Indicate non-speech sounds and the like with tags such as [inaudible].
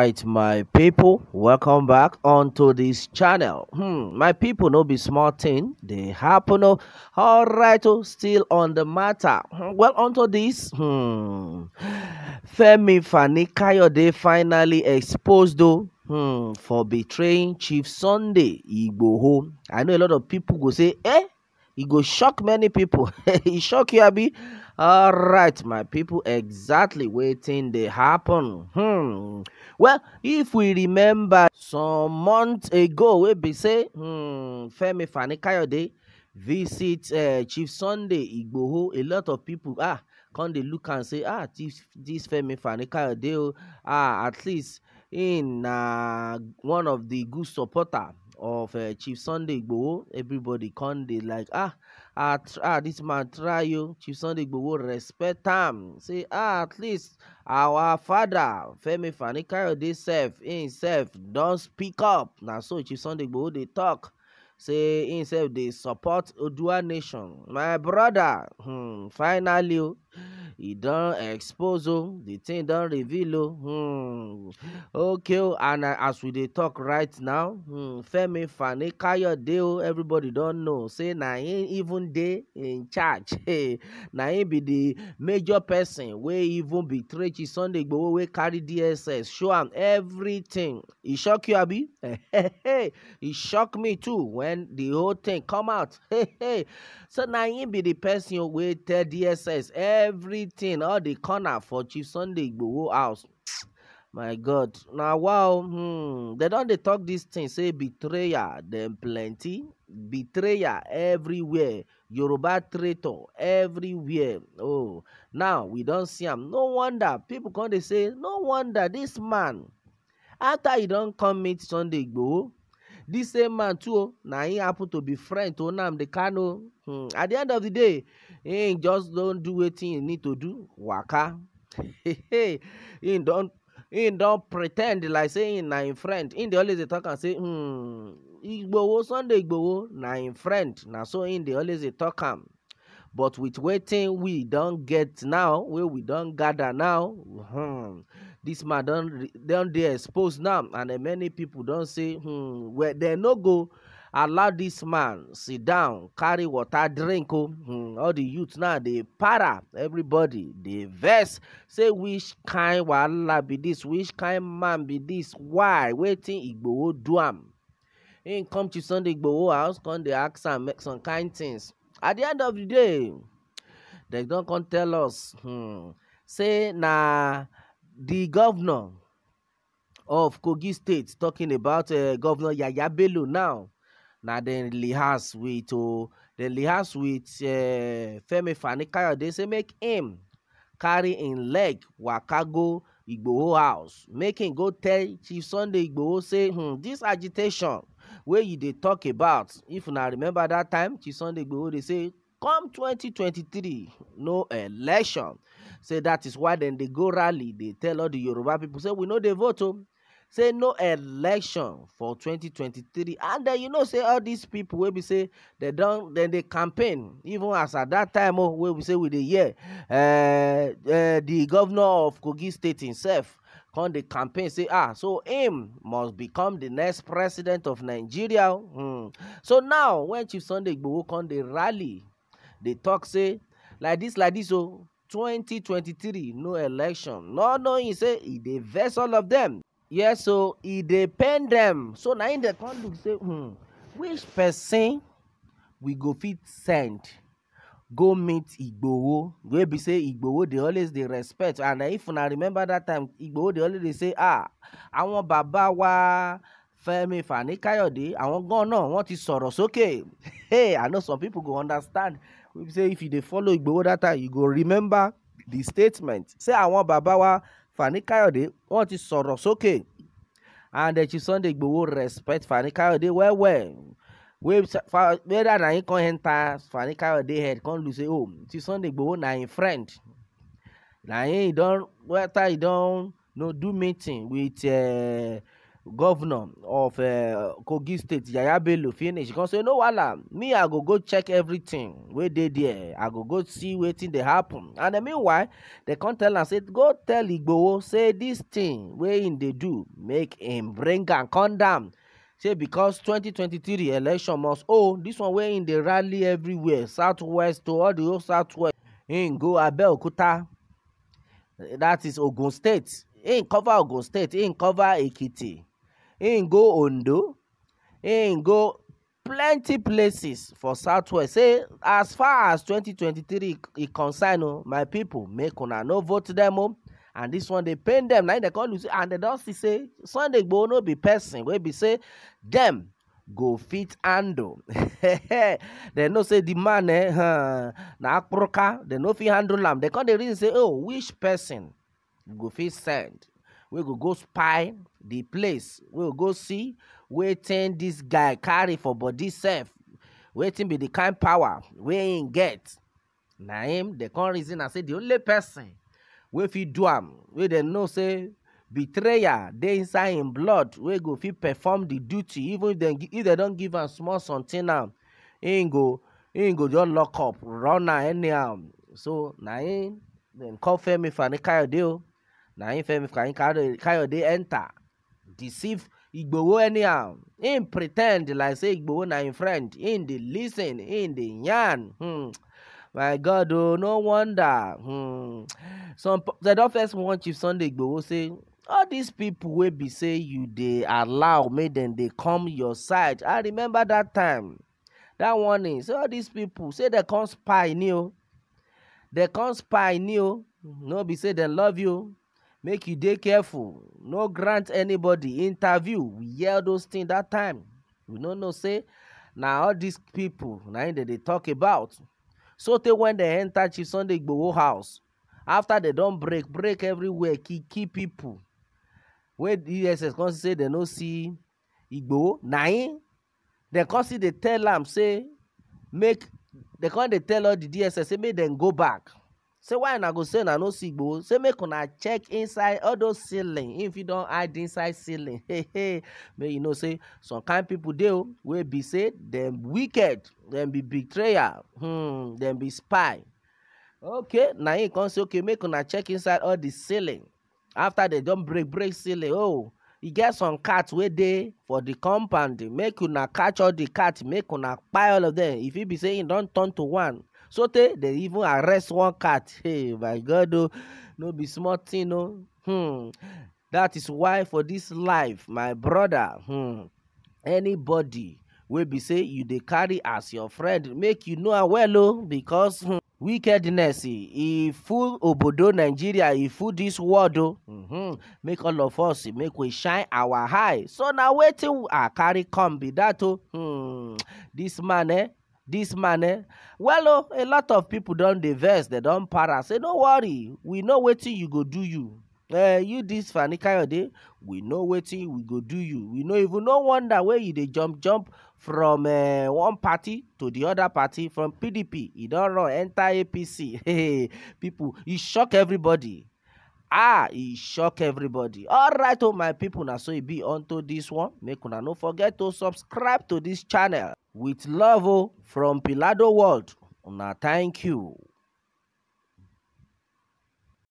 right my people welcome back onto this channel hmm, my people no be small thing they happen oh all right oh still on the matter hmm, well onto this hmm femi fani they finally exposed oh. hmm, for betraying chief sunday igboho i know a lot of people go say eh He go shock many people He [laughs] shock you abi All right, my people. exactly Waiting, they happen hmm well if we remember some months ago we be say hmm femi fani kayode visit uh, chief sunday igboho a lot of people ah come dey look and say ah this, this femi fani kayode oh. ah at least in uh, one of the good supporter of uh, chief sunday igboho everybody come dey like ah ah ah dis man try o chief sunday igbowo respect am say ah at least our father femi fani kayode sef himself don speak up na so chief sunday igbowo dey talk. say himself dey support odua nation my brother, hmm, finally o e don expose o the thing don reveal o hmm. okay o and uh, as we dey talk right now hmm, Femi Fani Kayode o everybody don know say na him even dey in charge [laughs] hey, na him be the major person wey even betray Sunday Igboho wey carry DSS show am everything e shock you abi [laughs] e shock me too when the whole thing come out [laughs] so na him be the person wey tell DSS everything. everything all the corner for chief sunday go house my god Now, wow hmm don't they talk this thing say betrayer. dem plenty betrayer everywhere yoruba traitor everywhere oh now we don't see him. no wonder people come They say no wonder this man afta don't come meet sunday go. This same man too Now he happen to be friend to the kano hmm. at the end of the day he just don't do wetin he need to do waka [laughs] He don He don't. pre ten d like saying him na him friend He dey always dey talk am say hmm, igbowo sunday igbowo na him friend na so he dey always dey talk am but with wetin we don get now wey we don gather now. Hmm, This man don don dey exposed now and many people don say hmm well dem no go allow this man sit down carry water drink o oh. hmm, all the youth now dey para everybody dey vex say which kind wahala be this? which kind man be this? why wetin igbowo do am him come to sunday igbowo house come dey ask am make some kind things at the end of the day dem don come tell us hmm, say na the governor of kogi state talking about uh, governor yaya bello now na dem rehearse with oh dem rehearse with uh, femi fanikayode say make im carry im leg waka go igboho house make im go tell chief sunday igboho say hmm, dis agitation wey you dey talk about if una remember dat time chief sunday igboho dey say come 2023 no election Say that is why then they go rally. They tell all the Yoruba people, say we know they vote. Oh. Say no election for 2023. And then you know, say all these people will be say they don't then they campaign. Even as at that time, oh, where we say with the year, uh, eh, uh, eh, the governor of Kogi State himself come the campaign say ah so him must become the next president of nigeria oh. hmm. so now when chief sunday igboho come the rally they talk say like this like this oh. 2023 no election Not knowing say e dey vex all of them. yes so e dey pain dem so na im dey come look say hmm, which person we go fit send go meet igbowo wey be say igbowo dey always dey respect and if una remember that time igbowo dey always dey say ah àwọn Baba wa Fẹ́mi Fani Káyọ̀dé àwọn gan náà wọ́n ti sọ̀rọ̀ sókè. Okay hey i know some people go understand we say if you dey follow igbowo that time you go remember the statement say àwọn bàbá wa Fani Kayode wọn ti sọ̀rọ̀ sókè and uh, Chief Sunday Igboho respect Fani Kayode well well wey whether na him come enter Fani Kayode head come look say oh Chief Sunday Igboho na him friend na him he don whether he don no do meeting with. Uh, governor of uh, kogi state yaya bello finish come say no wahala me i go go check everything wey dey there i go go see wetin dey happen and then meanwhile dem come tell am say go tell igbowo say dis thing wey im dey do make im bring am come down say becos 2023 election must Oh, dis one wey im dey rally everywhere southwest to all di whole southwest im go abeokuta that is ogun state im cover ogun state im cover ekiti He go Ondo. He go plenty places for Southwest. Say, as far as 2023 it concern, oh, my people, make una no vote them. Oh. and this one they paint them. like they call you and don't see say sunday go no be person We be say them go fit handle [laughs] They no say the man eh na they no fit handle am They call the reason say oh which person go fit send wey go go spy di place wey go go see wetin dis guy carry for body sef wetin be di kind power wey im get na him dey come reason am say di only person wey fit do am wey dem know say betrayer dey inside im blood wey go fit perform di duty even if dem don give am small something now im go im go just lock up run am anyhow so na him dem call femi fani kayode o na im femi fani kayode enter deceive igbowo anyhow im pre ten d like say igbowo na im friend im dey lis ten im dey yarn hmm. my god oh, no wonder hmm. some dem don first warn chief sunday igbowo say all dis pipo wey be say you dey allow make dem dey come your side i remember dat time dat warning say all dis pipo say dem come spy ni o dem come spy ni o no be say dem love you make you dey careful no grant anybody interview we hear those things that time we no know say na all these people, na im dem dey tok about sotey when dem enter chief sunday igbowo house After dem don break break everywhere kill kill pipo wey dss come say dem no see igbowo na im dem come still dey tell am say make dem come dey tell all the dss say make dem go back say why una go say una no see igbowo say make una check inside all those ceiling if you don hide inside ceiling [laughs] hey hey make you know say some kind people dey o oh, wey be say dem wicked dem be betrayer hmm, dem be spy okay na him come say okay make una check inside all the ceiling after dem don break break ceiling oh e get some cats wey dey for the compound make una catch all the cats. make una kpai all of them. e fit be say e don turn to one so sotey dem even arrest one cat hey my god o oh. no be small thing, o oh. hmm that is why for this life my brother. hmm anybody wey be say you dey carry as your friend make you know am well o oh, because. Hmm, wickedness ìfú Obodo nigeria ìfú dis world o oh. mm -hmm. make all of us make we shine our eye so na wetin i carry come be that o oh. hmm. this man eh this man eh well o oh, a lot of people don dey vex dey don para say no worry we know wetin you go do you uh, you this fani kayode we know wetin we go do you we no even no wonder where you dey jump jump from uh, one party to the other party from pdp e don run enter apc [laughs] People, pipo e shock everybody ah e shock everybody All right, oh my people, na so e be unto this one make una no forget to subscribe to this channel with love oh, from pilado world una thank you